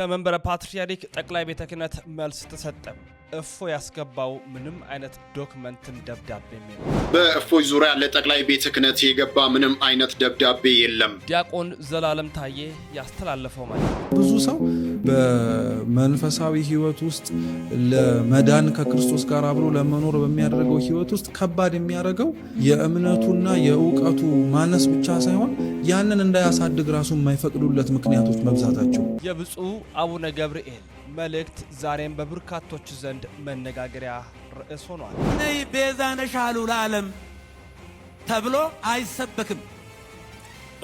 ከመንበረ ፓትርያርክ ጠቅላይ ቤተ ክህነት መልስ ተሰጠ። እፎ ያስገባው ምንም አይነት ዶክመንትም ደብዳቤ የለም። በእፎይ ዙሪያ ለጠቅላይ ቤተ ክህነት የገባ ምንም አይነት ደብዳቤ የለም። ዲያቆን ዘላለም ታዬ ያስተላለፈው ማለት ብዙ ሰው በመንፈሳዊ ህይወት ውስጥ ለመዳን ከክርስቶስ ጋር አብሮ ለመኖር በሚያደርገው ህይወት ውስጥ ከባድ የሚያደርገው የእምነቱና የእውቀቱ ማነስ ብቻ ሳይሆን ያንን እንዳያሳድግ ራሱ የማይፈቅዱለት ምክንያቶች መብዛታቸው። የብፁዕ አቡነ ገብርኤል መልእክት ዛሬም በበርካቶች ዘንድ መነጋገሪያ ርዕስ ሆኗል። ነይ ቤዛ ነሻሉ ለዓለም ተብሎ አይሰበክም።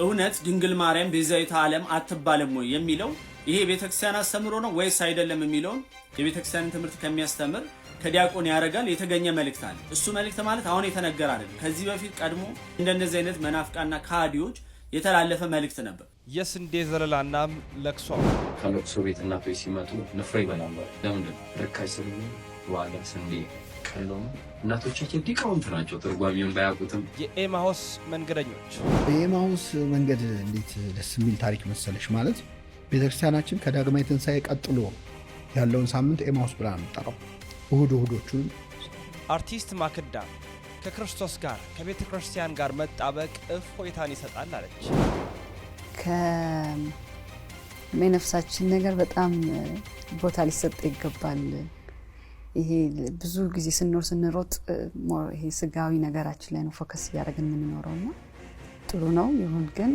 እውነት ድንግል ማርያም ቤዛዊተ ዓለም አትባልም ወይ የሚለው ይሄ የቤተክርስቲያን አስተምሮ ነው ወይስ አይደለም የሚለውን የቤተክርስቲያንን ትምህርት ከሚያስተምር ከዲያቆን ያረጋል የተገኘ መልእክት አለ። እሱ መልእክት ማለት አሁን የተነገረ አይደለም። ከዚህ በፊት ቀድሞ እንደነዚህ አይነት መናፍቃና ካዲዎች የተላለፈ መልእክት ነበር። የስንዴ ዘለላናም ለቅሷ ከለቅሶ ቤት እናቶች ሲመጡ ንፍሬ ይበላሉ። ለምንድን ርካሽ ስል ዋለ ስንዴ ቀሎም እናቶቻችን ሊቃውንት ናቸው፣ ትርጓሚውን ባያውቁትም። የኤማሆስ መንገደኞች የኤማሆስ መንገድ እንዴት ደስ የሚል ታሪክ መሰለች! ማለት ቤተክርስቲያናችን ከዳግማዊ ትንሣኤ ቀጥሎ ያለውን ሳምንት ኤማሆስ ብላ ነው የምጠራው። እሁድ እሁዶቹን አርቲስት ማክዳ ከክርስቶስ ጋር ከቤተ ክርስቲያን ጋር መጣበቅ እፎይታን ይሰጣል አለች። ከመነፍሳችን ነገር በጣም ቦታ ሊሰጥ ይገባል። ይሄ ብዙ ጊዜ ስንኖር ስንሮጥ ይሄ ስጋዊ ነገራችን ላይ ነው ፎከስ እያደረግን የምንኖረውና ጥሩ ነው። ይሁን ግን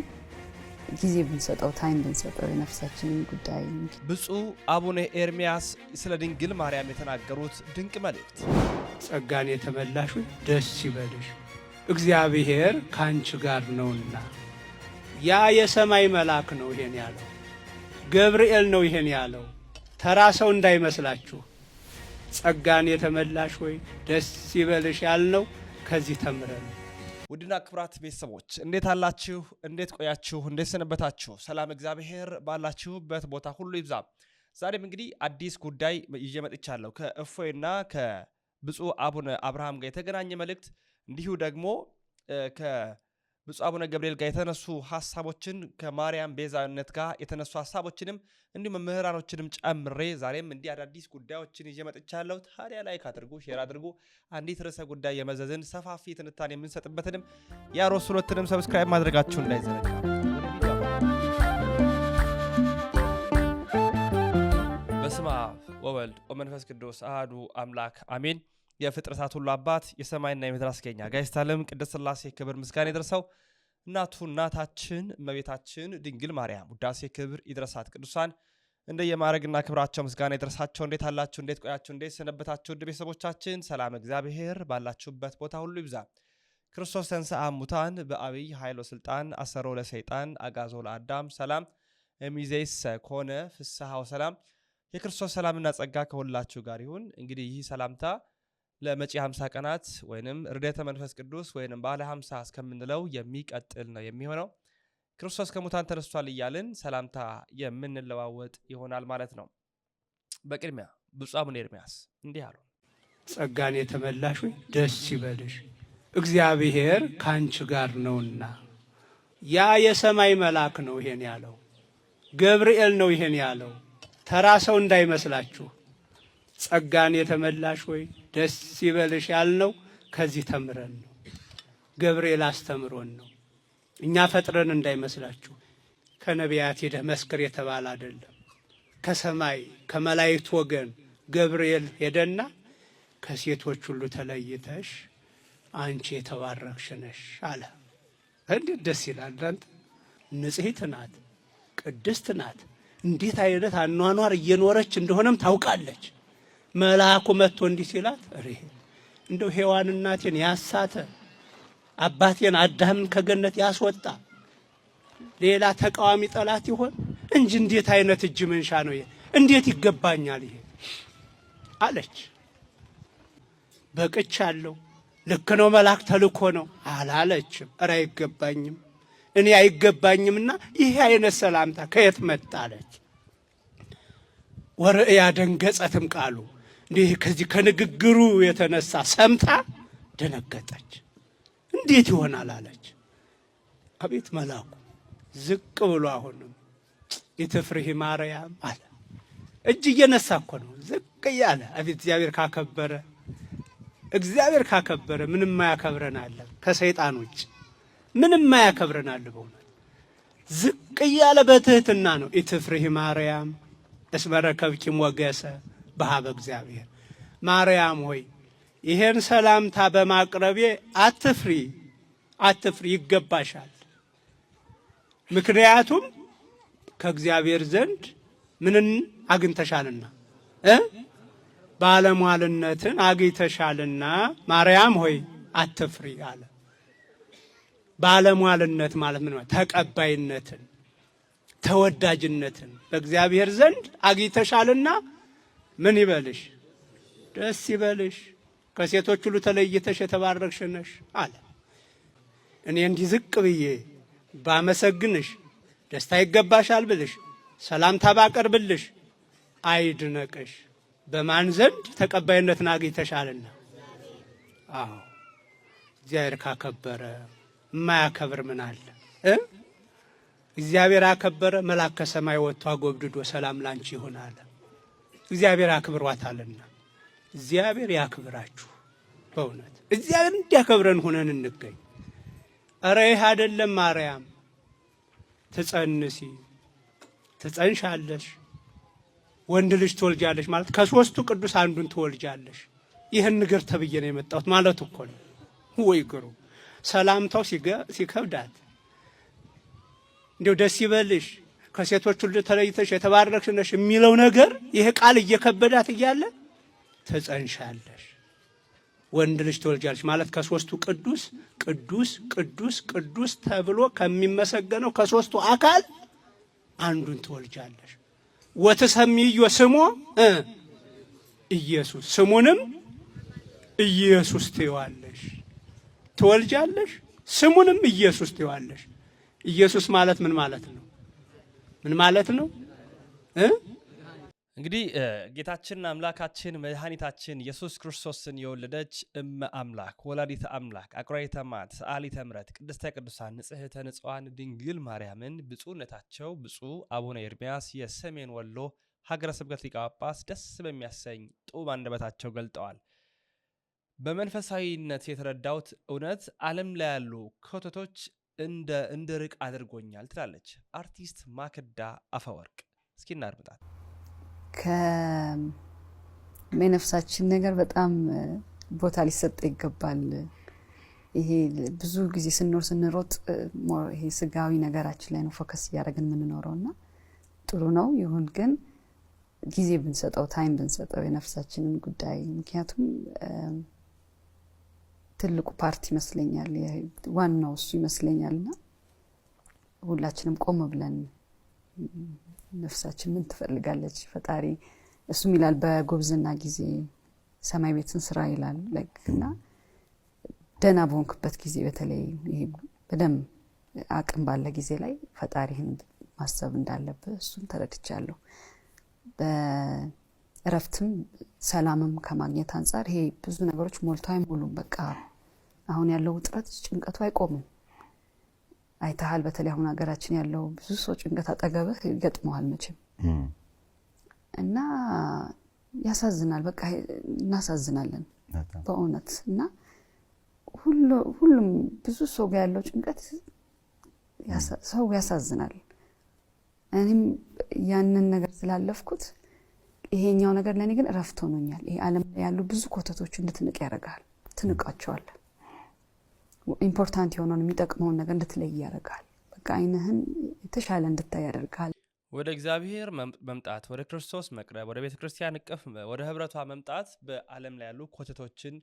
ጊዜ ብንሰጠው ታይም ብንሰጠው የነፍሳችንን ጉዳይ። ብፁዕ አቡነ ኤርሚያስ ስለ ድንግል ማርያም የተናገሩት ድንቅ መልእክት ጸጋን የተመላሹ ደስ ይበልሽ እግዚአብሔር ከአንቺ ጋር ነውና። ያ የሰማይ መልአክ ነው ይሄን ያለው፣ ገብርኤል ነው ይሄን ያለው። ተራ ሰው እንዳይመስላችሁ። ጸጋን የተመላሽ ወይ ደስ ይበልሽ ያልነው ከዚህ ተምረን። ውድና ክብራት ቤተሰቦች እንዴት አላችሁ? እንዴት ቆያችሁ? እንዴት ሰነበታችሁ? ሰላም እግዚአብሔር ባላችሁበት ቦታ ሁሉ ይብዛ። ዛሬም እንግዲህ አዲስ ጉዳይ ይዤ መጥቻለሁ ከእፎይና ብፁዕ አቡነ አብርሃም ጋር የተገናኘ መልእክት እንዲሁ ደግሞ ከብፁዕ አቡነ ገብርኤል ጋር የተነሱ ሀሳቦችን ከማርያም ቤዛነት ጋር የተነሱ ሀሳቦችንም እንዲሁም መምህራኖችንም ጨምሬ ዛሬም እንዲህ አዳዲስ ጉዳዮችን ይዤ መጥቻለሁ። ታዲያ ላይክ አድርጉ፣ ሼር አድርጉ። አንዲት ርዕሰ ጉዳይ የመዘዝን ሰፋፊ ትንታኔ የምንሰጥበትንም የአሮስ ሁለትንም ሰብስክራይብ ማድረጋችሁ እንዳይዘነጋ በስማ ወወልድ ወመንፈስ ቅዱስ አህዱ አምላክ አሜን። የፍጥረታት ሁሉ አባት የሰማይና የምድር አስገኛ ጋይስት ዓለም ቅድስት ሥላሴ ክብር ምስጋና ይድረሰው። እናቱ እናታችን እመቤታችን ድንግል ማርያም ውዳሴ ክብር ይድረሳት። ቅዱሳን እንደ የማዕረግና ክብራቸው ምስጋና ይድረሳቸው። እንዴት አላችሁ? እንዴት ቆያችሁ? እንዴት ሰነበታችሁ? ውድ ቤተሰቦቻችን ሰላም እግዚአብሔር ባላችሁበት ቦታ ሁሉ ይብዛ። ክርስቶስ ተንሥአ እሙታን በአብይ ኃይሎ ስልጣን አሰሮ ለሰይጣን አጋዞ ለአዳም ሰላም እሚዜሰ ኮነ ፍስሐው ሰላም የክርስቶስ ሰላምና ጸጋ ከሁላችሁ ጋር ይሁን። እንግዲህ ይህ ሰላምታ ለመጪ 50 ቀናት ወይንም ርደተ መንፈስ ቅዱስ ወይንም ባለ 50 እስከምንለው የሚቀጥል ነው የሚሆነው። ክርስቶስ ከሙታን ተነስቷል እያልን ሰላምታ የምንለዋወጥ ይሆናል ማለት ነው። በቅድሚያ ብፁዕ አቡነ ኤርምያስ እንዲህ አሉ። ጸጋን የተመላሽ ደስ ይበልሽ፣ እግዚአብሔር ከአንቺ ጋር ነውና። ያ የሰማይ መልአክ ነው ይሄን ያለው፣ ገብርኤል ነው ይሄን ያለው ተራ ሰው እንዳይመስላችሁ። ጸጋን የተመላሽ ወይ ደስ ይበልሽ ያልነው ከዚህ ተምረን ነው። ገብርኤል አስተምሮን ነው። እኛ ፈጥረን እንዳይመስላችሁ። ከነቢያት ሄደህ መስክር የተባለ አይደለም። ከሰማይ ከመላእክት ወገን ገብርኤል ሄደና ከሴቶች ሁሉ ተለይተሽ አንቺ የተባረክሽ ነሽ አለ። እንዴት ደስ ይላል! አንተ ንጽሕት ናት፣ ቅድስት ናት። እንዴት አይነት አኗኗር እየኖረች እንደሆነም ታውቃለች። መልአኩ መጥቶ እንዲህ ሲላት እንደው ሔዋን እናቴን ያሳተ አባቴን አዳምን ከገነት ያስወጣ ሌላ ተቃዋሚ ጠላት ይሆን እንጂ እንዴት አይነት እጅ መንሻ ነው! እንዴት ይገባኛል ይሄ አለች። በቅቻለሁ፣ ልክ ነው፣ መልአክ ተልኮ ነው አላለችም። እረ አይገባኝም እኔ አይገባኝምና ይሄ አይነት ሰላምታ ከየት መጣ መጣለች? ወርእያ ደንገጸትም ቃሉ እንዲህ ከዚህ ከንግግሩ የተነሳ ሰምታ ደነገጠች። እንዴት ይሆናል አለች። አቤት መላኩ ዝቅ ብሎ አሁንም የትፍርህ ማርያም አለ። እጅ እየነሳ እኮ ነው፣ ዝቅ እያለ አቤት እግዚአብሔር ካከበረ እግዚአብሔር ካከበረ ምንም ማያከብረን አለ ከሰይጣን ውጭ ምንም አያከብረናል። በእውነት ዝቅ እያለ በትህትና ነው። ኢትፍርህ ማርያም እስመ ረከብኪ ሞገሰ በሀበ እግዚአብሔር። ማርያም ሆይ ይሄን ሰላምታ በማቅረቤ አትፍሪ፣ አትፍሪ ይገባሻል። ምክንያቱም ከእግዚአብሔር ዘንድ ምንን አግኝተሻልና እ ባለሟልነትን አግኝተሻልና ማርያም ሆይ አትፍሪ አለ። ባለሟልነት ማለት ምን ተቀባይነትን፣ ተወዳጅነትን በእግዚአብሔር ዘንድ አግኝተሻልና ምን ይበልሽ ደስ ይበልሽ፣ ከሴቶች ሁሉ ተለይተሽ የተባረክሽ ነሽ አለ። እኔ እንዲህ ዝቅ ብዬ ባመሰግንሽ፣ ደስታ ይገባሻል ብልሽ፣ ሰላምታ ባቀርብልሽ አይድነቅሽ በማን ዘንድ ተቀባይነትን አግኝተሻልና። አዎ እግዚአብሔር ካከበረ የማያከብር ምን አለ? እግዚአብሔር አከበረ፣ መልአክ ከሰማይ ወጥቶ አጎብድዶ ሰላም ላንቺ ይሁን አለ። እግዚአብሔር አክብሯታልና እግዚአብሔር ያክብራችሁ። በእውነት እግዚአብሔር እንዲያከብረን ሆነን እንገኝ። እረ ይህ አይደለም ማርያም ትጸንሲ ትጸንሻለሽ ወንድ ልጅ ትወልጃለሽ ማለት ከሶስቱ ቅዱስ አንዱን ትወልጃለሽ። ይህን ንግር ተብዬ ነው የመጣሁት ማለት እኮ ነው ወይ ግሩም ሰላምታው ሲከብዳት እንዲው ደስ ይበልሽ ከሴቶች ሁሉ ተለይተሽ የተባረክሽ ነሽ የሚለው ነገር ይሄ ቃል እየከበዳት እያለ ትጸንሻለሽ፣ ወንድ ልጅ ትወልጃለሽ ማለት ከሶስቱ ቅዱስ ቅዱስ ቅዱስ ቅዱስ ተብሎ ከሚመሰገነው ከሶስቱ አካል አንዱን ትወልጃለሽ። ወትሰሚዮ ስሞ ኢየሱስ ስሙንም ኢየሱስ ትይዋለሽ። ትወልጃለሽ፣ ስሙንም ኢየሱስ ትይዋለሽ። ኢየሱስ ማለት ምን ማለት ነው? ምን ማለት ነው? እንግዲህ ጌታችን አምላካችን መድኃኒታችን ኢየሱስ ክርስቶስን የወለደች እመ አምላክ ወላዲተ አምላክ አቁራይተ ማት ሰአሊተ ምሕረት ቅድስተ ቅዱሳን ንጽሕተ ንጽዋን ድንግል ማርያምን ብፁዕነታቸው ብፁዕ አቡነ ኤርምያስ የሰሜን ወሎ ሀገረ ስብከት ሊቀ ጳጳስ ደስ በሚያሰኝ ጡም አንደበታቸው ገልጠዋል። በመንፈሳዊነት የተረዳሁት እውነት ዓለም ላይ ያሉ ክህተቶች እንደ እንድርቅ አድርጎኛል ትላለች አርቲስት ማክዳ አፈወርቅ። እስኪ እናድምጣት። ከመነፍሳችን ነገር በጣም ቦታ ሊሰጠ ይገባል። ይሄ ብዙ ጊዜ ስንኖር ስንሮጥ ይሄ ስጋዊ ነገራችን ላይ ነው ፎከስ እያደረግን የምንኖረው እና ጥሩ ነው። ይሁን ግን ጊዜ ብንሰጠው ታይም ብንሰጠው የነፍሳችንን ጉዳይ ምክንያቱም ትልቁ ፓርት ይመስለኛል፣ ዋናው እሱ ይመስለኛል። እና ሁላችንም ቆም ብለን ነፍሳችን ምን ትፈልጋለች? ፈጣሪ እሱም ይላል በጉብዝና ጊዜ ሰማይ ቤትን ስራ ይላል እና ደና በሆንክበት ጊዜ በተለይ በደም አቅም ባለ ጊዜ ላይ ፈጣሪህን ማሰብ እንዳለብህ እሱን ተረድቻለሁ። በእረፍትም ሰላምም ከማግኘት አንጻር ይሄ ብዙ ነገሮች ሞልቶ አይሞሉም በቃ አሁን ያለው ውጥረት ጭንቀቱ አይቆምም። አይተሃል። በተለይ አሁን ሀገራችን ያለው ብዙ ሰው ጭንቀት አጠገብህ ይገጥመዋል መቼም እና ያሳዝናል። በቃ እናሳዝናለን በእውነት እና ሁሉም ብዙ ሰው ጋር ያለው ጭንቀት ሰው ያሳዝናል። እኔም ያንን ነገር ስላለፍኩት ይሄኛው ነገር ለእኔ ግን እረፍት ሆኖኛል። ይሄ ዓለም ያሉ ብዙ ኮተቶች እንድትንቅ ያደርጋል። ትንቃቸዋለን ኢምፖርታንት የሆነውን የሚጠቅመውን ነገር እንድትለይ ያደርጋል። በቃ አይንህን የተሻለ እንድታይ ያደርጋል። ወደ እግዚአብሔር መምጣት፣ ወደ ክርስቶስ መቅረብ፣ ወደ ቤተ ክርስቲያን እቅፍ፣ ወደ ህብረቷ መምጣት በዓለም ላይ ያሉ ኮተቶችን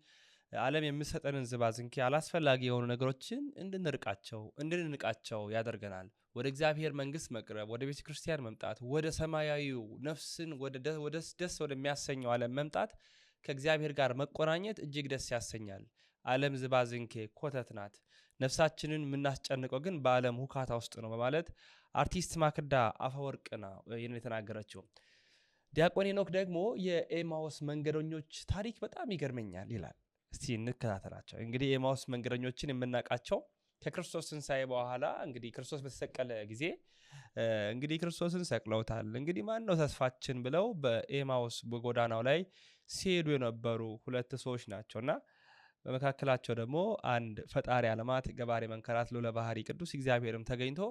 ዓለም የሚሰጠንን ዝባዝንኪ አላስፈላጊ የሆኑ ነገሮችን እንድንርቃቸው እንድንንቃቸው ያደርገናል። ወደ እግዚአብሔር መንግስት መቅረብ፣ ወደ ቤተ ክርስቲያን መምጣት፣ ወደ ሰማያዊው ነፍስን ወደደስ ደስ ወደሚያሰኘው ዓለም መምጣት፣ ከእግዚአብሔር ጋር መቆናኘት እጅግ ደስ ያሰኛል። ዓለም ዝባዝንኬ ኮተት ናት፣ ነፍሳችንን የምናስጨንቀው ግን በዓለም ሁካታ ውስጥ ነው በማለት አርቲስት ማክዳ አፈወርቅ የተናገረችው። ዲያቆን ኖክ ደግሞ የኤማውስ መንገደኞች ታሪክ በጣም ይገርመኛል ይላል። እስቲ እንከታተላቸው። እንግዲህ የኤማውስ መንገደኞችን የምናውቃቸው ከክርስቶስ ሳይ በኋላ እንግዲህ ክርስቶስ በተሰቀለ ጊዜ እንግዲህ ክርስቶስን ሰቅለውታል፣ እንግዲህ ማን ነው ተስፋችን ብለው በኤማውስ በጎዳናው ላይ ሲሄዱ የነበሩ ሁለት ሰዎች ናቸውና በመካከላቸው ደግሞ አንድ ፈጣሪ አለማት ገባሬ መንከራት ልዑለ ባህሪ ቅዱስ እግዚአብሔርም ተገኝቶ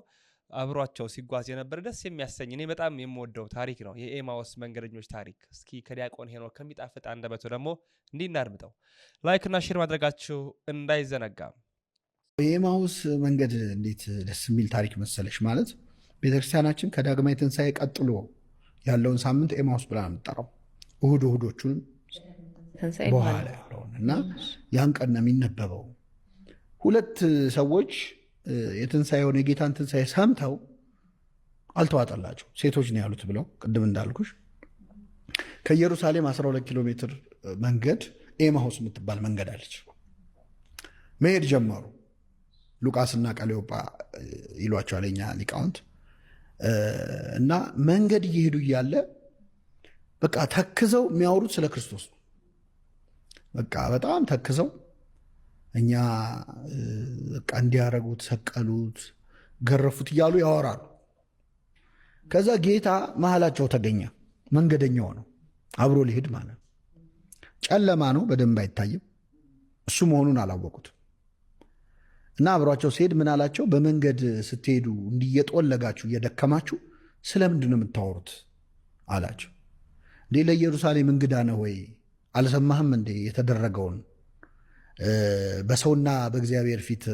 አብሯቸው ሲጓዝ የነበረ ደስ የሚያሰኝ እኔ በጣም የምወደው ታሪክ ነው፣ የኤማውስ መንገደኞች ታሪክ። እስኪ ከዲያቆን ሄኖክ ከሚጣፍጥ አንደበቱ ደግሞ እንዲህ እናድምጠው። ላይክና ሼር ማድረጋችሁ እንዳይዘነጋ። የኤማውስ መንገድ እንዴት ደስ የሚል ታሪክ መሰለሽ! ማለት ቤተክርስቲያናችን ከዳግማዊ ትንሣኤ ቀጥሎ ያለውን ሳምንት ኤማውስ ብላ ነው የምጠራው። እሁድ እሁዶቹንም በኋላ ያለውን እና ያን ቀን ነው የሚነበበው። ሁለት ሰዎች የትንሣኤውን የጌታን ትንሣኤ ሰምተው አልተዋጠላቸው ሴቶች ነው ያሉት ብለው ቅድም እንዳልኩሽ ከኢየሩሳሌም 12 ኪሎ ሜትር መንገድ ኤማሁስ የምትባል መንገድ አለች። መሄድ ጀመሩ። ሉቃስና ቀሌዮጳ ይሏቸዋል የኛ ሊቃውንት። እና መንገድ እየሄዱ እያለ በቃ ተክዘው የሚያወሩት ስለ ክርስቶስ ነው። በቃ በጣም ተክዘው እኛ በቃ እንዲያረጉት ሰቀሉት፣ ገረፉት እያሉ ያወራሉ። ከዛ ጌታ መሀላቸው ተገኘ። መንገደኛው ነው አብሮ ሊሄድ ማለት ነው። ጨለማ ነው፣ በደንብ አይታይም። እሱ መሆኑን አላወቁት እና አብሯቸው ሲሄድ ምን አላቸው? በመንገድ ስትሄዱ እንዲየጦለጋችሁ እየደከማችሁ ስለምንድን ነው የምታወሩት አላቸው። እንዴ ለኢየሩሳሌም እንግዳ ነህ ወይ አልሰማህም እንዴ? የተደረገውን በሰውና በእግዚአብሔር ፊት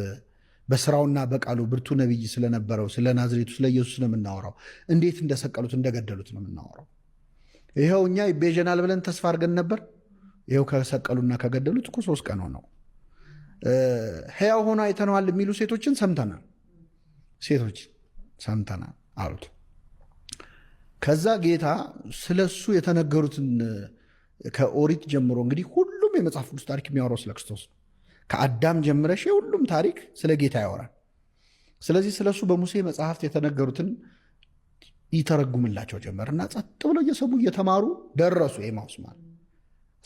በስራውና በቃሉ ብርቱ ነቢይ ስለነበረው ስለ ናዝሬቱ ስለ ኢየሱስ ነው የምናወራው። እንዴት እንደሰቀሉት እንደገደሉት ነው የምናወራው። ይኸው እኛ ይቤዠናል ብለን ተስፋ አድርገን ነበር። ይኸው ከሰቀሉና ከገደሉት እኮ ሶስት ቀን ሆነው ሕያው ሆኖ አይተነዋል የሚሉ ሴቶችን ሰምተናል። ሴቶች ሰምተናል አሉት። ከዛ ጌታ ስለ እሱ የተነገሩትን ከኦሪት ጀምሮ እንግዲህ ሁሉም የመጽሐፍ ቅዱስ ታሪክ የሚያወራው ስለ ክርስቶስ ነው። ከአዳም ጀምረሽ የሁሉም ታሪክ ስለ ጌታ ያወራል። ስለዚህ ስለ እሱ በሙሴ መጽሐፍት የተነገሩትን ይተረጉምላቸው ጀመር እና ጸጥ ብለው እየሰሙ እየተማሩ ደረሱ ኤማሁስ ማለት።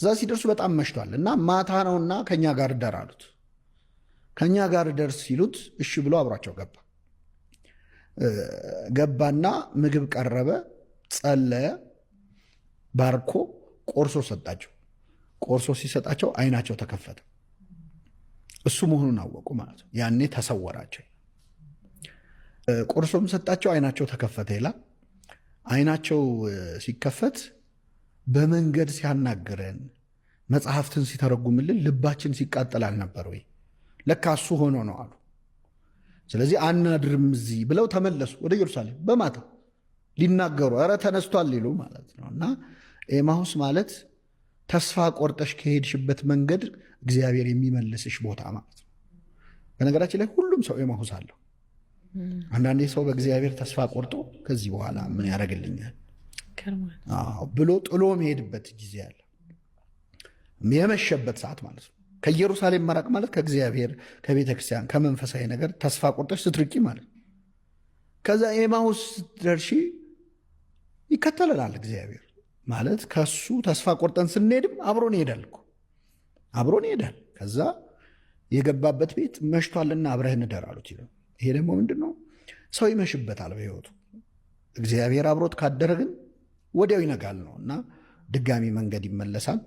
እዛ ሲደርሱ በጣም መሽቷል እና ማታ ነውና ከእኛ ጋር ደር አሉት። ከእኛ ጋር ደርስ ሲሉት እሺ ብሎ አብሯቸው ገባ ገባና ምግብ ቀረበ፣ ጸለየ፣ ባርኮ ቆርሶ ሰጣቸው። ቆርሶ ሲሰጣቸው አይናቸው ተከፈተ። እሱ መሆኑን አወቁ ማለት ነው። ያኔ ተሰወራቸው። ቆርሶም ሰጣቸው፣ አይናቸው ተከፈተ ይላል። አይናቸው ሲከፈት በመንገድ ሲያናግረን መጽሐፍትን ሲተረጉምልን ልባችን ሲቃጠል አልነበር ወይ? ለካ እሱ ሆኖ ነው አሉ። ስለዚህ አናድርም እዚህ ብለው ተመለሱ ወደ ኢየሩሳሌም በማታ ሊናገሩ፣ ኧረ ተነስቷል ሊሉ ማለት ነው እና ኤማሁስ ማለት ተስፋ ቆርጠሽ ከሄድሽበት መንገድ እግዚአብሔር የሚመልስሽ ቦታ ማለት ነው። በነገራችን ላይ ሁሉም ሰው ኤማሁስ አለው። አንዳንዴ ሰው በእግዚአብሔር ተስፋ ቆርጦ ከዚህ በኋላ ምን ያደርግልኛል ብሎ ጥሎ መሄድበት ጊዜ አለ። የመሸበት ሰዓት ማለት ነው። ከኢየሩሳሌም መራቅ ማለት ከእግዚአብሔር ከቤተ ክርስቲያን ከመንፈሳዊ ነገር ተስፋ ቆርጠሽ ስትርቂ ማለት ነው። ከዛ ኤማሁስ ስትደርሺ ይከተላላል እግዚአብሔር ማለት ከሱ ተስፋ ቆርጠን ስንሄድም አብሮን ይሄዳል እኮ አብሮን ይሄዳል። ከዛ የገባበት ቤት መሽቷልና አብረህ እንደር አሉት ይላል። ይሄ ደግሞ ምንድን ነው? ሰው ይመሽበታል በህይወቱ። እግዚአብሔር አብሮት ካደረ ግን ወዲያው ይነጋል ነው እና ድጋሚ መንገድ ይመለሳል።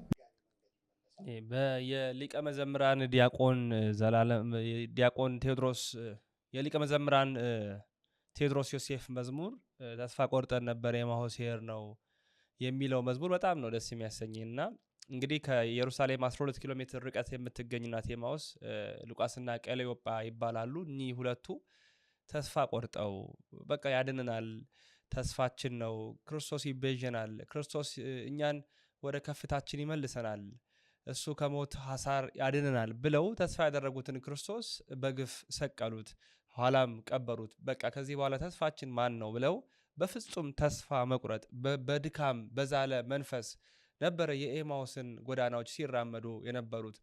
የሊቀ መዘምራን ዲያቆን ዘላለም ዲያቆን ቴዎድሮስ የሊቀ መዘምራን ቴዎድሮስ ዮሴፍ መዝሙር ተስፋ ቆርጠን ነበር የማሆሴር ነው የሚለው መዝሙር በጣም ነው ደስ የሚያሰኝ እንግዲህ ከኢየሩሳሌም 12 ኪሎ ሜትር ርቀት የምትገኝ ናት ኤማሁስ። ሉቃስና ቀለዮጳ ይባላሉ። እኚህ ሁለቱ ተስፋ ቆርጠው በቃ ያድንናል፣ ተስፋችን ነው፣ ክርስቶስ ይቤዠናል፣ ክርስቶስ እኛን ወደ ከፍታችን ይመልሰናል፣ እሱ ከሞት ሐሳር ያድንናል ብለው ተስፋ ያደረጉትን ክርስቶስ በግፍ ሰቀሉት፣ ኋላም ቀበሩት። በቃ ከዚህ በኋላ ተስፋችን ማን ነው ብለው በፍጹም ተስፋ መቁረጥ በድካም በዛለ መንፈስ ነበረ የኤማውስን ጎዳናዎች ሲራመዱ የነበሩት።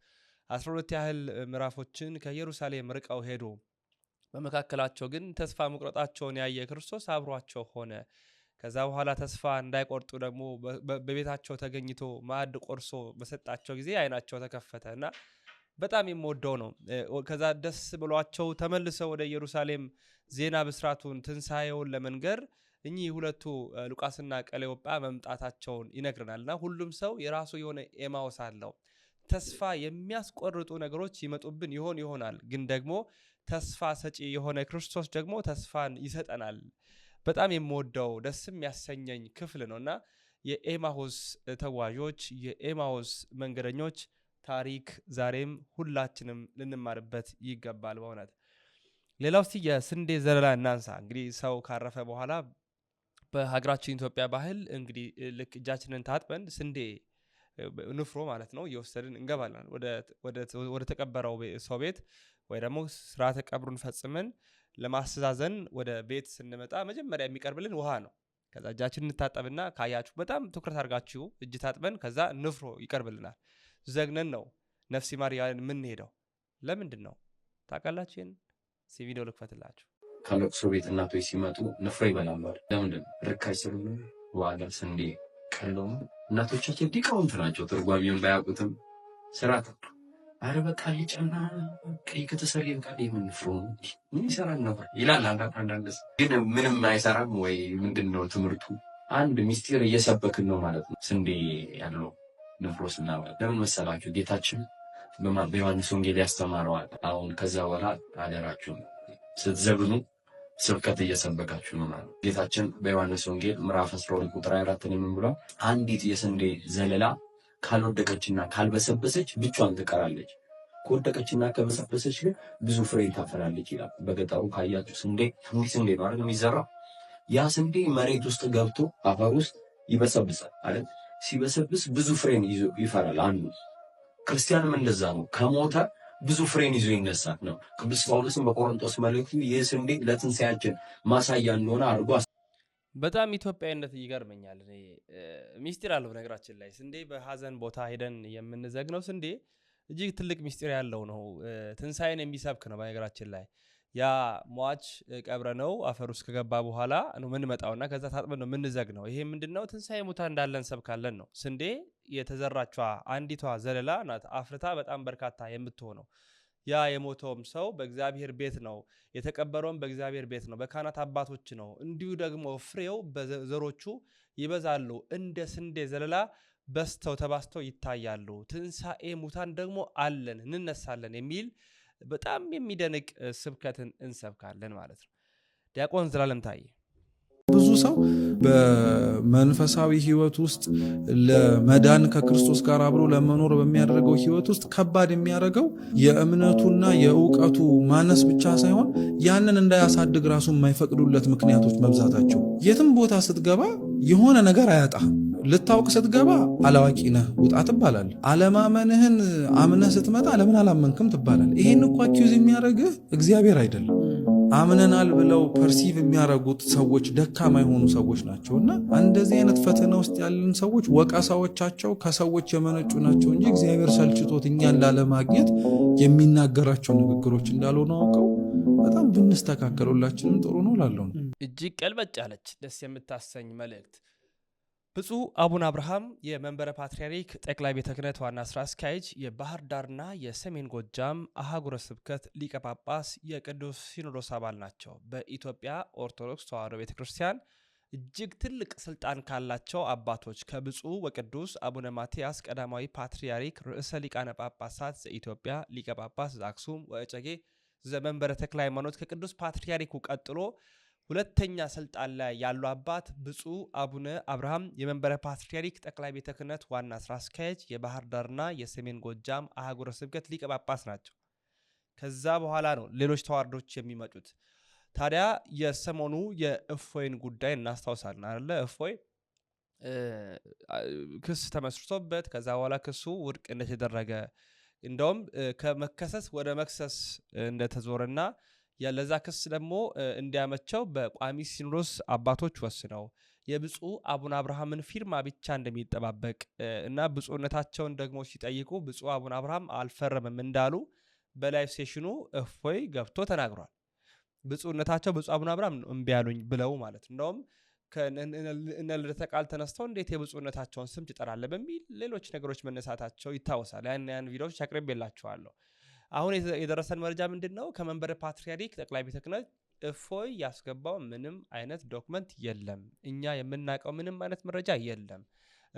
አስራ ሁለት ያህል ምዕራፎችን ከኢየሩሳሌም ርቀው ሄዱ። በመካከላቸው ግን ተስፋ መቁረጣቸውን ያየ ክርስቶስ አብሯቸው ሆነ። ከዛ በኋላ ተስፋ እንዳይቆርጡ ደግሞ በቤታቸው ተገኝቶ ማዕድ ቆርሶ በሰጣቸው ጊዜ አይናቸው ተከፈተ እና በጣም የምወደው ነው። ከዛ ደስ ብሏቸው ተመልሰው ወደ ኢየሩሳሌም ዜና ብስራቱን ትንሣኤውን ለመንገር እኚህ ሁለቱ ሉቃስና ቀሌዮጳ መምጣታቸውን ይነግረናልና ሁሉም ሰው የራሱ የሆነ ኤማውስ አለው። ተስፋ የሚያስቆርጡ ነገሮች ይመጡብን ይሆን ይሆናል፣ ግን ደግሞ ተስፋ ሰጪ የሆነ ክርስቶስ ደግሞ ተስፋን ይሰጠናል። በጣም የምወደው ደስም ያሰኘኝ ክፍል ነው እና የኤማሁስ ተጓዦች የኤማሁስ መንገደኞች ታሪክ ዛሬም ሁላችንም ልንማርበት ይገባል። በእውነት ሌላው ስ የስንዴ ዘለላ እናንሳ። እንግዲህ ሰው ካረፈ በኋላ በሀገራችን ኢትዮጵያ ባህል እንግዲህ ልክ እጃችንን ታጥበን ስንዴ ንፍሮ ማለት ነው እየወሰድን እንገባለን ወደ ተቀበረው ሰው ቤት ወይ ደግሞ ስርዓተ ቀብሩን ፈጽመን ለማስተዛዘን ወደ ቤት ስንመጣ መጀመሪያ የሚቀርብልን ውሃ ነው። ከዛ እጃችን እንታጠብና ካያችሁ በጣም ትኩረት አድርጋችሁ እጅ ታጥበን ከዛ ንፍሮ ይቀርብልናል። ዘግነን ነው ነፍሲ ማር የምንሄደው። ለምንድን ነው ታቃላችን ሲቪዲዮ ልክፈትላችሁ። ከለቅሶ ቤት እናቶች ሲመጡ ንፍሮ ይበላሉ። ለምንድን ነው? ርካሽ ስለሆነ ዋጋ ስንዴ ቀለውም እናቶቻችን ዲቃውንት ናቸው። ትርጓሚውን ባያውቁትም ስራት አረ በቃ ሊጨና ቀይ ከተሰሪ ቃ የምንፍሮ ምን ይሰራል ነበር ይላል። አንዳንድ ግን ምንም አይሰራም ወይ ምንድን ነው ትምህርቱ? አንድ ሚስጢር እየሰበክን ነው ማለት ነው። ስንዴ ያለው ንፍሮ ስናበላ ለምን መሰላችሁ? ጌታችን በዮሐንስ ወንጌል ያስተማረዋል። አሁን ከዛ በኋላ አደራችሁ ስትዘብኑ ስብከት እየሰበካችሁ ነው ማለት። ጌታችን በዮሐንስ ወንጌል ምዕራፍ 12 ቁጥር 24 ላይ ምን ብሏል? አንዲት የስንዴ ዘለላ ካልወደቀችና ካልበሰበሰች ብቻዋን ትቀራለች። ከወደቀችና ከበሰበሰች ግን ብዙ ፍሬ ታፈላለች ይላል። በገጠሩ ካያችሁ ስንዴ እንዲህ ስንዴ ነው አይደል የሚዘራው? ያ ስንዴ መሬት ውስጥ ገብቶ አፈር ውስጥ ይበሰብሳል አይደል? ሲበሰብስ ብዙ ፍሬን ይፈራል። አንዱ ክርስቲያንም እንደዛ ነው። ከሞተ ብዙ ፍሬን ይዞ ይነሳል ነው። ቅዱስ ጳውሎስም በቆሮንቶስ መልእክቱ ይህ ስንዴ ለትንሳያችን ማሳያ እንደሆነ አድርጎ በጣም ኢትዮጵያዊነት ይገርመኛል። እኔ ሚስጢር አለው ነገራችን ላይ ስንዴ በሀዘን ቦታ ሄደን የምንዘግነው ስንዴ እጅግ ትልቅ ሚስጢር ያለው ነው። ትንሳኤን የሚሰብክ ነው። በነገራችን ላይ ያ ሟች ቀብረ ነው አፈር ውስጥ ከገባ በኋላ ነው የምንመጣውና ከዛ ታጥበን ነው የምንዘግነው። ይሄ ምንድነው ትንሳኤ ትንሣኤ ሙታ እንዳለን ሰብካለን ነው ስንዴ የተዘራቿ አንዲቷ ዘለላ ናት አፍርታ በጣም በርካታ የምትሆነው። ያ የሞተውም ሰው በእግዚአብሔር ቤት ነው፣ የተቀበረውም በእግዚአብሔር ቤት ነው፣ በካህናት አባቶች ነው። እንዲሁ ደግሞ ፍሬው በዘሮቹ ይበዛሉ፣ እንደ ስንዴ ዘለላ በስተው ተባስተው ይታያሉ። ትንሣኤ ሙታን ደግሞ አለን፣ እንነሳለን የሚል በጣም የሚደንቅ ስብከትን እንሰብካለን ማለት ነው። ዲያቆን ዘላለም ታዬ ሰው በመንፈሳዊ ህይወት ውስጥ ለመዳን ከክርስቶስ ጋር አብሮ ለመኖር በሚያደርገው ህይወት ውስጥ ከባድ የሚያደርገው የእምነቱና የእውቀቱ ማነስ ብቻ ሳይሆን ያንን እንዳያሳድግ ራሱ የማይፈቅዱለት ምክንያቶች መብዛታቸው። የትም ቦታ ስትገባ የሆነ ነገር አያጣህም። ልታውቅ ስትገባ አላዋቂ ነህ ውጣ ትባላል። አለማመንህን አምነህ ስትመጣ ለምን አላመንክም ትባላል። ይሄን እኮ አኪዝ የሚያደርግህ እግዚአብሔር አይደለም። አምነናል ብለው ፐርሲቭ የሚያደርጉት ሰዎች ደካማ የሆኑ ሰዎች ናቸው እና እንደዚህ አይነት ፈተና ውስጥ ያለን ሰዎች ወቀሳዎቻቸው ከሰዎች የመነጩ ናቸው እንጂ እግዚአብሔር ሰልችቶት እኛን ላለማግኘት የሚናገራቸው ንግግሮች እንዳልሆነ አውቀው በጣም ብንስተካከሉላችንም ጥሩ ነው ላለው እጅግ ቀልበጭ ያለች ደስ የምታሰኝ መልእክት ብፁዕ አቡነ አብርሃም የመንበረ ፓትርያርክ ጠቅላይ ቤተ ክህነት ዋና ስራ አስኪያጅ የባህር ዳርና የሰሜን ጎጃም አህጉረ ስብከት ሊቀ ጳጳስ የቅዱስ ሲኖዶስ አባል ናቸው። በኢትዮጵያ ኦርቶዶክስ ተዋሕዶ ቤተ ክርስቲያን እጅግ ትልቅ ስልጣን ካላቸው አባቶች ከብፁዕ ወቅዱስ አቡነ ማትያስ ቀዳማዊ ፓትርያርክ ርዕሰ ሊቃነ ጳጳሳት ዘኢትዮጵያ ሊቀ ጳጳስ ዘአክሱም ወእጨጌ ዘመንበረ ተክለ ሃይማኖት ከቅዱስ ፓትርያርኩ ቀጥሎ ሁለተኛ ስልጣን ላይ ያሉ አባት ብፁዕ አቡነ አብርሃም የመንበረ ፓትርያርክ ጠቅላይ ቤተ ክህነት ዋና ስራ አስኪያጅ የባህር ዳርና የሰሜን ጎጃም አህጉረ ስብከት ሊቀ ጳጳስ ናቸው። ከዛ በኋላ ነው ሌሎች ተዋርዶች የሚመጡት። ታዲያ የሰሞኑ የእፎይን ጉዳይ እናስታውሳለን አለ እፎይ ክስ ተመስርቶበት ከዛ በኋላ ክሱ ውድቅ እንደተደረገ እንደውም ከመከሰስ ወደ መክሰስ እንደተዞረና ለዛ ክስ ደግሞ እንዲያመቸው በቋሚ ሲኖዶስ አባቶች ወስነው የብፁ አቡነ አብርሃምን ፊርማ ብቻ እንደሚጠባበቅ እና ብፁነታቸውን ደግሞ ሲጠይቁ ብፁ አቡነ አብርሃም አልፈረምም እንዳሉ በላይቭ ሴሽኑ እፎይ ገብቶ ተናግሯል። ብፁነታቸው ብፁ አቡነ አብርሃም እምቢ ያሉኝ ብለው ማለት እንደውም እነ ልደተ ቃል ተነስተው እንዴት የብፁነታቸውን ስም ትጠራለህ በሚል ሌሎች ነገሮች መነሳታቸው ይታወሳል። ያን ያን ቪዲዮዎች አቅርቤላችኋለሁ። አሁን የደረሰን መረጃ ምንድን ነው? ከመንበረ ፓትርያርክ ጠቅላይ ቤተ ክህነት እፎይ ያስገባው ምንም አይነት ዶክመንት የለም። እኛ የምናውቀው ምንም አይነት መረጃ የለም።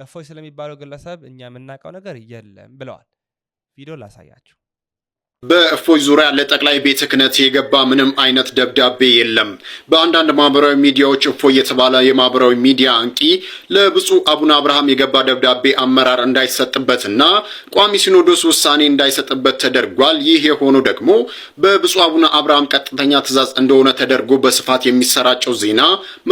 እፎይ ስለሚባለው ግለሰብ እኛ የምናውቀው ነገር የለም ብለዋል። ቪዲዮ ላሳያችሁ። በእፎች ዙሪያ ለጠቅላይ ቤተ ክህነት የገባ ምንም አይነት ደብዳቤ የለም። በአንዳንድ ማህበራዊ ሚዲያዎች እፎይ የተባለ የማህበራዊ ሚዲያ አንቂ ለብፁዕ አቡነ አብርሃም የገባ ደብዳቤ አመራር እንዳይሰጥበትና ቋሚ ሲኖዶስ ውሳኔ እንዳይሰጥበት ተደርጓል። ይህ የሆኑ ደግሞ በብፁዕ አቡነ አብርሃም ቀጥተኛ ትእዛዝ እንደሆነ ተደርጎ በስፋት የሚሰራጨው ዜና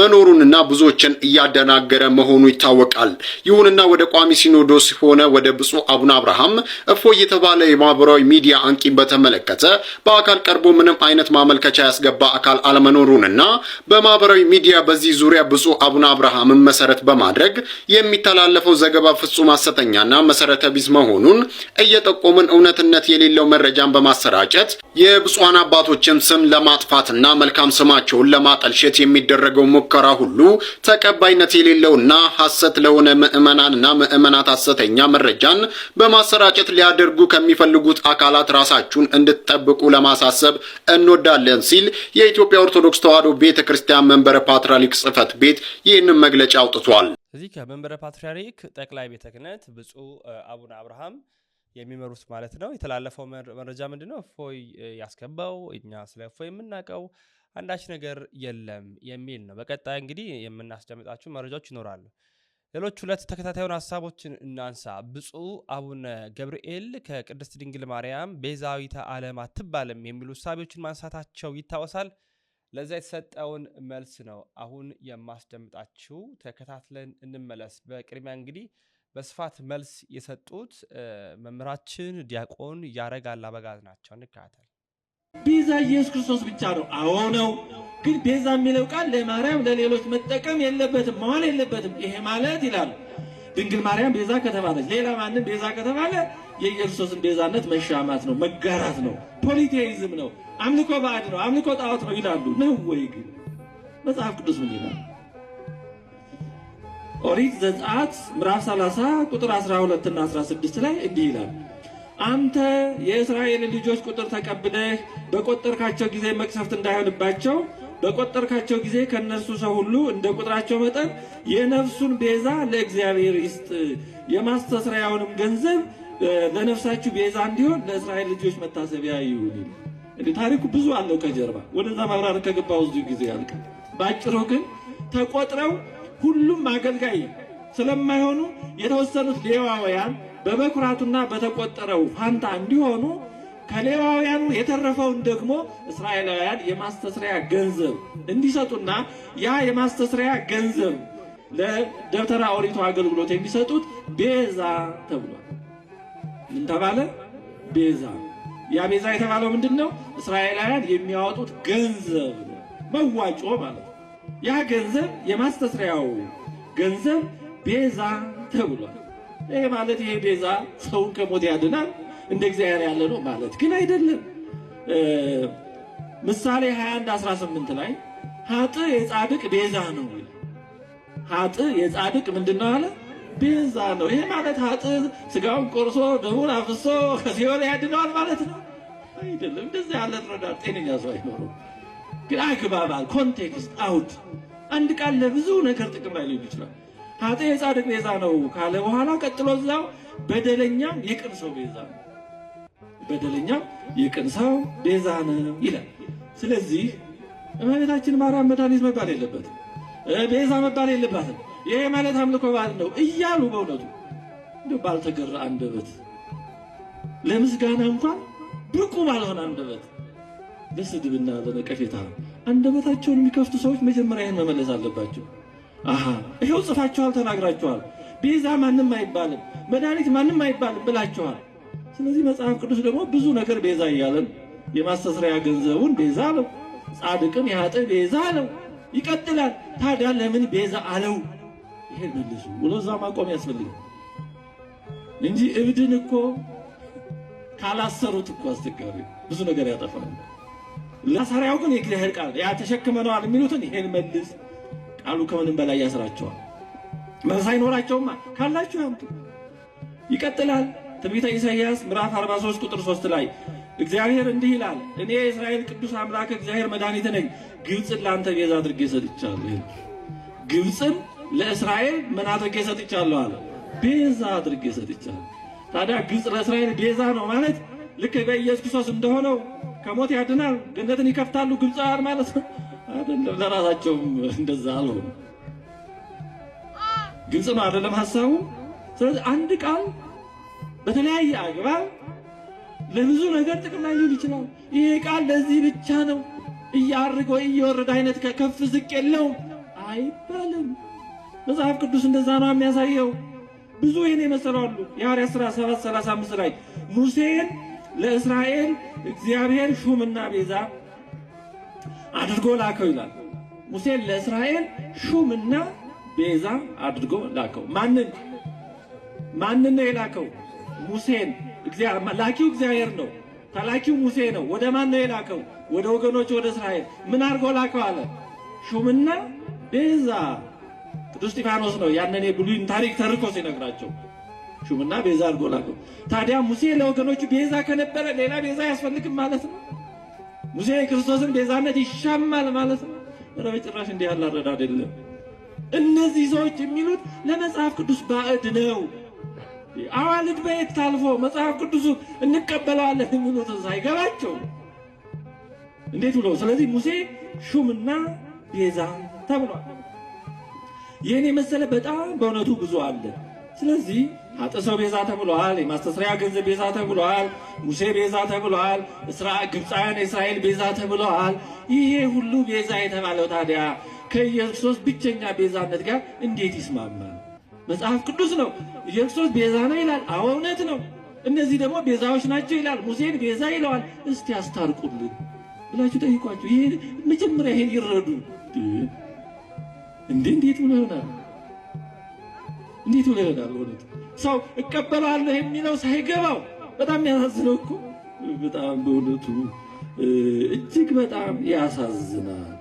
መኖሩንና ብዙዎችን እያደናገረ መሆኑ ይታወቃል። ይሁንና ወደ ቋሚ ሲኖዶስ ሆነ ወደ ብፁዕ አቡነ አብርሃም እፎይ የተባለ የማህበራዊ ሚዲያ አንቂ በተመለከተ በአካል ቀርቦ ምንም አይነት ማመልከቻ ያስገባ አካል አለመኖሩንና በማህበራዊ ሚዲያ በዚህ ዙሪያ ብፁዕ አቡነ አብርሃምን መሰረት በማድረግ የሚተላለፈው ዘገባ ፍጹም ሐሰተኛና መሰረተ ቢስ መሆኑን እየጠቆምን እውነትነት የሌለው መረጃን በማሰራጨት የብፁዓን አባቶችን ስም ለማጥፋትና መልካም ስማቸውን ለማጠልሸት የሚደረገው ሙከራ ሁሉ ተቀባይነት የሌለውና ሐሰት ለሆነ ምዕመናንና ምዕመናት ሐሰተኛ መረጃን በማሰራጨት ሊያደርጉ ከሚፈልጉት አካላት ራሳቸው ራሳችሁን እንድትጠብቁ ለማሳሰብ እንወዳለን ሲል የኢትዮጵያ ኦርቶዶክስ ተዋሕዶ ቤተ ክርስቲያን መንበረ ፓትርያርክ ጽሕፈት ቤት ይህንን መግለጫ አውጥቷል። እዚህ ከመንበረ ፓትርያርክ ጠቅላይ ቤተ ክህነት ብፁዕ አቡነ አብርሃም የሚመሩት ማለት ነው የተላለፈው መረጃ ምንድን ነው? እፎይ ያስገባው እኛ ስለ እፎይ የምናውቀው አንዳች ነገር የለም የሚል ነው። በቀጣይ እንግዲህ የምናስደምጣችሁ መረጃዎች ይኖራሉ። ሌሎች ሁለት ተከታታዩን ሀሳቦችን እናንሳ። ብፁዕ አቡነ ገብርኤል ከቅድስት ድንግል ማርያም ቤዛዊተ ዓለም አትባልም የሚሉ ሳቢዎችን ማንሳታቸው ይታወሳል። ለዛ የተሰጠውን መልስ ነው አሁን የማስደምጣችው ተከታትለን እንመለስ። በቅድሚያ እንግዲህ በስፋት መልስ የሰጡት መምህራችን ዲያቆን ያረጋል አበጋዝ ናቸው። እንካተል ቤዛ ኢየሱስ ክርስቶስ ብቻ ነው። አዎ ነው። ግን ቤዛ የሚለው ቃል ለማርያም ለሌሎች መጠቀም የለበትም መዋል የለበትም። ይሄ ማለት ይላሉ ድንግል ማርያም ቤዛ ከተባለች ሌላ ማንም ቤዛ ከተባለ የኢየሱስን ቤዛነት መሻማት ነው፣ መጋራት ነው፣ ፖሊቴይዝም ነው፣ አምልኮ ባዕድ ነው፣ አምልኮ ጣዖት ነው ይላሉ። ነው ወይ ግን መጽሐፍ ቅዱስ ምን ይላል? ኦሪት ዘጸአት ምዕራፍ 30 ቁጥር 12 እና 16 ላይ እንዲህ ይላል አንተ የእስራኤል ልጆች ቁጥር ተቀብለህ በቆጠርካቸው ጊዜ መቅሰፍት እንዳይሆንባቸው በቆጠርካቸው ጊዜ ከእነርሱ ሰው ሁሉ እንደ ቁጥራቸው መጠን የነፍሱን ቤዛ ለእግዚአብሔር ይስጥ፣ የማስተስሪያውንም ገንዘብ ለነፍሳችሁ ቤዛ እንዲሆን ለእስራኤል ልጆች መታሰቢያ ይሁን። እንዴ ታሪኩ ብዙ አለው ከጀርባ ወደዛ ማብራር ከገባው ብዙ ጊዜ ያልቅ። ባጭሩ ግን ተቆጥረው ሁሉም አገልጋይ ስለማይሆኑ የተወሰኑት ሌዋውያን በመኩራቱና በተቆጠረው ፋንታ እንዲሆኑ ከሌዋውያኑ የተረፈውን ደግሞ እስራኤላውያን የማስተስሪያ ገንዘብ እንዲሰጡና ያ የማስተስሪያ ገንዘብ ለደብተራ ኦሪቱ አገልግሎት የሚሰጡት ቤዛ ተብሏል። ምን ተባለ? ቤዛ። ያ ቤዛ የተባለው ምንድን ነው? እስራኤላውያን የሚያወጡት ገንዘብ መዋጮ ማለት ነው። ያ ገንዘብ የማስተስሪያው ገንዘብ ቤዛ ተብሏል። ይሄ ማለት ይሄ ቤዛ ሰውን ከሞት ያድናል እንደ እግዚአብሔር ያለ ነው ማለት ግን አይደለም። ምሳሌ 21 18 ላይ ሀጥ የጻድቅ ቤዛ ነው ሀጥ የጻድቅ ምንድን ነው አለ ቤዛ ነው። ይሄ ማለት ሀጥ ስጋውን ቆርሶ ደሙን አፍሶ ከሲኦል ያድነዋል ማለት ነው አይደለም። እንደዚህ ያለ ትረዳር ጤነኛ ሰው አይኖሩም። ግን አግባባል ኮንቴክስት አውት አንድ ቃል ለብዙ ነገር ጥቅም ላይ ሊሆን ይችላል። ኃጥእ የጻድቅ ቤዛ ነው ካለ በኋላ ቀጥሎ እዛው በደለኛ የቅን ሰው ቤዛ ነው፣ በደለኛም የቅን ሰው ቤዛ ነው ይላል። ስለዚህ እመቤታችን ማርያም መድኃኒት መባል የለበትም፣ ቤዛ መባል የለባትም። ይሄ ማለት አምልኮ ባል ነው እያሉ በእውነቱ እንደው ባልተገራ አንደበት ለምስጋና እንኳን ብቁ ባልሆነ አንደበት በስድብና በነቀፌታ አንደበታቸውን የሚከፍቱ ሰዎች መጀመሪያ ይህን መመለስ አለባቸው። ይኸው ጽፋችኋል፣ ተናግራችኋል። ቤዛ ማንም አይባልም፣ መድኃኒት ማንም አይባልም ብላችኋል። ስለዚህ መጽሐፍ ቅዱስ ደግሞ ብዙ ነገር ቤዛ እያለን የማስተስሪያ ገንዘቡን ቤዛ አለው፣ ጻድቅን ያጠ ቤዛ አለው። ይቀጥላል። ታዲያ ለምን ቤዛ አለው? ይሄን መልሱ ብሎ እዛ ማቆም ያስፈልጋል እንጂ እብድን እኮ ካላሰሩት እኮ አስቸጋሪ ብዙ ነገር ያጠፋል። ለሰሪያው ግን የእግዚአብሔር ቃል ያ ተሸክመነዋል የሚሉትን ይሄን መልስ ቃሉ ከምንም በላይ ያስራቸዋል። መልስ አይኖራቸውማ። ካላችሁ ያምጡ። ይቀጥላል። ትንቢተ ኢሳይያስ ምዕራፍ 43 ቁጥር 3 ላይ እግዚአብሔር እንዲህ ይላል፣ እኔ የእስራኤል ቅዱስ አምላክ እግዚአብሔር መድኃኒት ነኝ፣ ግብፅን ለአንተ ቤዛ አድርጌ ሰጥቻለሁ። ግብፅን ለእስራኤል ምን አድርጌ ሰጥቻለሁ አለ? ቤዛ አድርጌ ሰጥቻለሁ። ታዲያ ግብፅ ለእስራኤል ቤዛ ነው ማለት ልክ በኢየሱስ ክርስቶስ እንደሆነው ከሞት ያድናል፣ ገነትን ይከፍታሉ ግብፃውያን ማለት ነው። አይደለም ለራሳቸውም እንደዛ አልሆነ ግልጽ ነው አይደለም ሀሳቡ። ስለዚህ አንድ ቃል በተለያየ አግባብ ለብዙ ነገር ጥቅም ላይ ሊውል ይችላል። ይሄ ቃል ለዚህ ብቻ ነው እያርግ ወይ እየወረደ አይነት ከፍ ዝቅ የለውም አይባልም። መጽሐፍ ቅዱስ እንደዛ ነው የሚያሳየው። ብዙ ይህን የመሰሉ አሉ። የሐዋርያት ሥራ 7 35 ላይ ሙሴን ለእስራኤል እግዚአብሔር ሹምና ቤዛ አድርጎ ላከው ይላል። ሙሴን ለእስራኤል ሹምና ቤዛ አድርጎ ላከው። ማንን ማንን ነው የላከው? ሙሴን። ላኪው እግዚአብሔር ነው፣ ተላኪው ሙሴ ነው። ወደ ማን ነው የላከው? ወደ ወገኖች፣ ወደ እስራኤል። ምን አድርጎ ላከው አለ? ሹምና ቤዛ። ቅዱስ እስጢፋኖስ ነው ያንን የብሉይን ታሪክ ተርኮ ሲነግራቸው ሹምና ቤዛ አድርጎ ላከው። ታዲያ ሙሴ ለወገኖቹ ቤዛ ከነበረ ሌላ ቤዛ አያስፈልግም ማለት ነው? ሙሴ የክርስቶስን ቤዛነት ይሻማል ማለት ነው። ኧረ በጭራሽ እንዲህ ያለ አረዳ አይደለም። እነዚህ ሰዎች የሚሉት ለመጽሐፍ ቅዱስ ባዕድ ነው። አዋልድ በየት ታልፎ መጽሐፍ ቅዱሱ እንቀበለዋለን የሚሉት አይገባቸው። እንዴት ብሎ ስለዚህ ሙሴ ሹምና ቤዛ ተብሏል። ይህን የመሰለ በጣም በእውነቱ ብዙ አለ። ስለዚህ አጥሶ ቤዛ ተብሏል። የማስተስሪያ ገንዘብ ቤዛ ተብሏል። ሙሴ ቤዛ ተብሏል። ግብፃውያን እስራኤል ቤዛ ተብሏል። ይሄ ሁሉ ቤዛ የተባለው ታዲያ ከኢየሱስ ብቸኛ ቤዛነት ጋር እንዴት ይስማማል? መጽሐፍ ቅዱስ ነው። ኢየሱስ ቤዛ ነው ይላል። አዎ እውነት ነው። እነዚህ ደግሞ ቤዛዎች ናቸው ይላል። ሙሴን ቤዛ ይለዋል። እስቲ አስታርቁልን ብላችሁ ጠይቋቸው። ይሄ መጀመሪያ ይሄን ይረዱ እንዴ! እንዴት ብሎ ይሆናል? እንዴት ብሎ ይሆናል? እውነት ሰው እቀበላለሁ የሚለው ሳይገባው በጣም ያሳዝነው እኮ በጣም በእውነቱ እጅግ በጣም ያሳዝናል።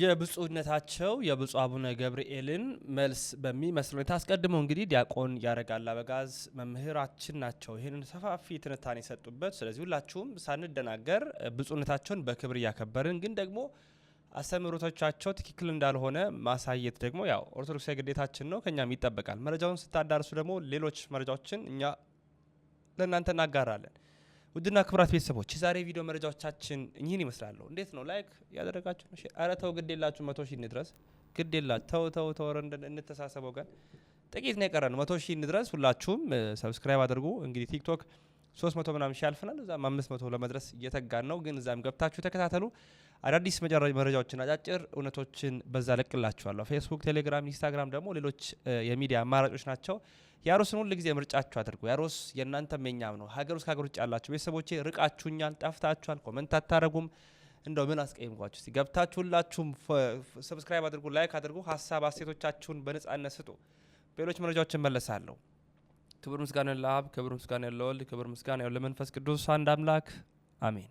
የብፁዕነታቸው የብፁዕ አቡነ ገብርኤልን መልስ በሚመስል ሁኔታ አስቀድመው እንግዲህ ዲያቆን ያረጋል አበጋዝ መምህራችን ናቸው ይህንን ሰፋፊ ትንታኔ የሰጡበት። ስለዚህ ሁላችሁም ሳንደናገር ብፁዕነታቸውን በክብር እያከበርን ግን ደግሞ አስተምህሮቶቻቸው ትክክል እንዳልሆነ ማሳየት ደግሞ ያው ኦርቶዶክሳዊ ግዴታችን ነው፣ ከኛም ይጠበቃል። መረጃውን ስታዳርሱ ደግሞ ሌሎች መረጃዎችን እኛ ለእናንተ እናጋራለን። ውድና ክብራት ቤተሰቦች የዛሬ ቪዲዮ መረጃዎቻችን እኚህን ይመስላሉ። እንዴት ነው ላይክ ያደረጋችሁ? ኧረ ተው ግድ የላችሁ መቶ ሺህ እንድረስ ግድ የላ ተው ተው ተው፣ እንተሳሰበው። ቀን ጥቂት ነው የቀረን መቶ ሺህ እንድረስ። ሁላችሁም ሰብስክራይብ አድርጉ። እንግዲህ ቲክቶክ ሶስት መቶ ምናምን ሺህ ያልፈናል። እዛም አምስት መቶ ለመድረስ እየተጋን ነው። ግን እዛም ገብታችሁ ተከታተሉ። አዳዲስ መረጃዎችን፣ አጫጭር እውነቶችን በዛ ለቅላችኋለሁ። ፌስቡክ፣ ቴሌግራም፣ ኢንስታግራም ደግሞ ሌሎች የሚዲያ አማራጮች ናቸው። ያሮስን ሁል ጊዜ ምርጫችሁ አድርጉ። ያሮስ የእናንተም የኛም ነው። ሀገር ውስጥ ከሀገር ውጭ ያላችሁ ቤተሰቦቼ ርቃችሁኛል፣ ጠፍታችኋል፣ ኮመንት አታረጉም። እንደው ምን አስቀይምኳችሁ? እስቲ ገብታችሁ ሁላችሁም ሰብስክራይብ አድርጉ፣ ላይክ አድርጉ፣ ሀሳብ አስተያየቶቻችሁን በነጻነት ስጡ። በሌሎች መረጃዎችን መለሳለሁ። ክብር ምስጋና ለአብ፣ ክብር ምስጋና ለወልድ፣ ክብር ምስጋና ለመንፈስ ቅዱስ አንድ አምላክ አሜን።